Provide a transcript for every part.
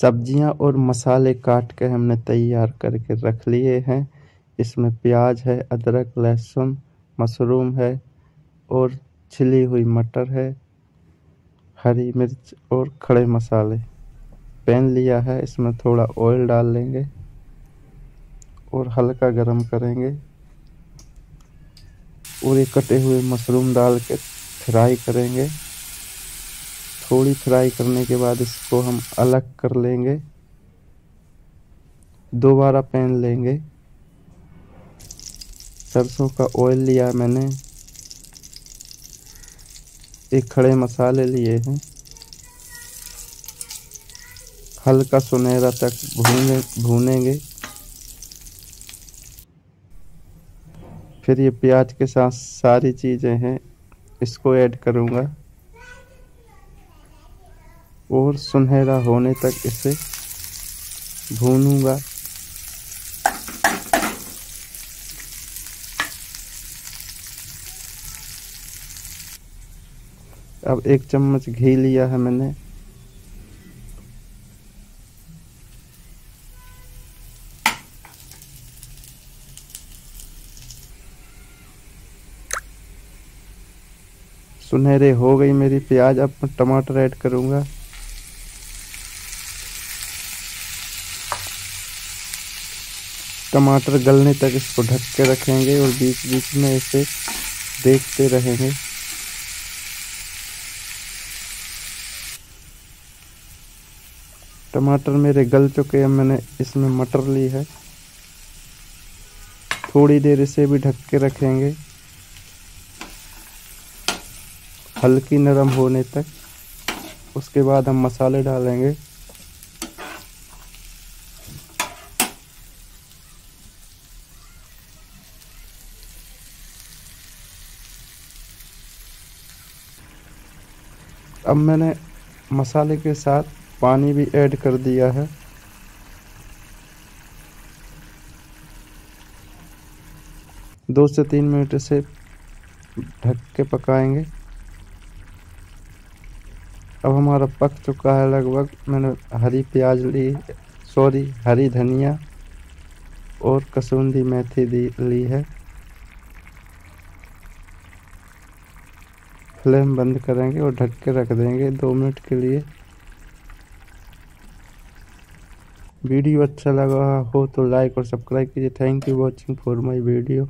सब्जियां और मसाले काट के हमने तैयार करके रख लिए हैं इसमें प्याज है अदरक लहसुन मशरूम है और छिली हुई मटर है हरी मिर्च और खड़े मसाले पैन लिया है इसमें थोड़ा ऑयल डाल लेंगे और हल्का गरम करेंगे और ये कटे हुए मशरूम डाल के फ्राई करेंगे थोड़ी फ्राई करने के बाद इसको हम अलग कर लेंगे दोबारा पैन लेंगे सरसों का ऑयल लिया मैंने एक खड़े मसाले लिए हैं हल्का सुनहरा तक भूने भूनेंगे फिर ये प्याज के साथ सारी चीज़ें हैं इसको ऐड करूँगा और सुनहरा होने तक इसे भूनूंगा अब एक चम्मच घी लिया है मैंने सुनहरे हो गई मेरी प्याज अब टमाटर ऐड करूंगा टमाटर गलने तक इसको ढक के रखेंगे और बीच बीच में इसे देखते रहेंगे टमाटर मेरे गल चुके हैं मैंने इसमें मटर ली है थोड़ी देर इसे भी ढक के रखेंगे हल्की नरम होने तक उसके बाद हम मसाले डालेंगे अब मैंने मसाले के साथ पानी भी ऐड कर दिया है दो से तीन मिनट से ढक के पकाएंगे अब हमारा पक चुका है लगभग मैंने हरी प्याज ली सॉरी हरी धनिया और कसूंदी मेथी दी ली है फ्लेम बंद करेंगे और ढक के रख देंगे दो मिनट के लिए वीडियो अच्छा लगा हो तो लाइक और सब्सक्राइब कीजिए thank you watching for my video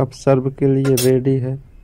अब सर्व के लिए रेडी है